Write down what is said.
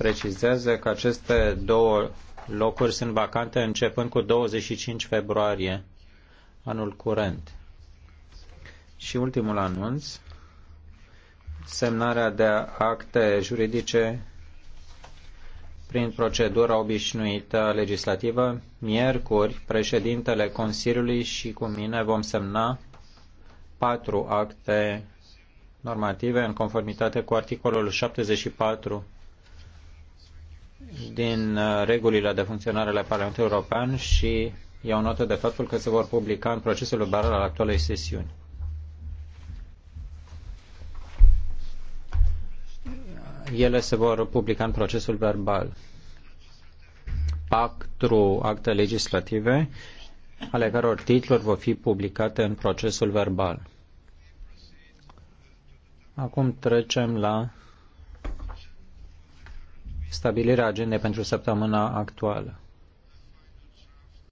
precizează că aceste două locuri sunt vacante începând cu 25 februarie anul curent. Și ultimul anunț, semnarea de acte juridice prin procedura obișnuită legislativă. Miercuri, președintele Consiliului și cu mine vom semna patru acte normative în conformitate cu articolul 74 din uh, regulile de funcționare ale Parlamentului European și iau notă de faptul că se vor publica în procesul liberal al actualei sesiuni. Ele se vor publica în procesul verbal. Patru acte legislative ale căror titluri vor fi publicate în procesul verbal. Acum trecem la stabilirea agendei pentru săptămâna actuală.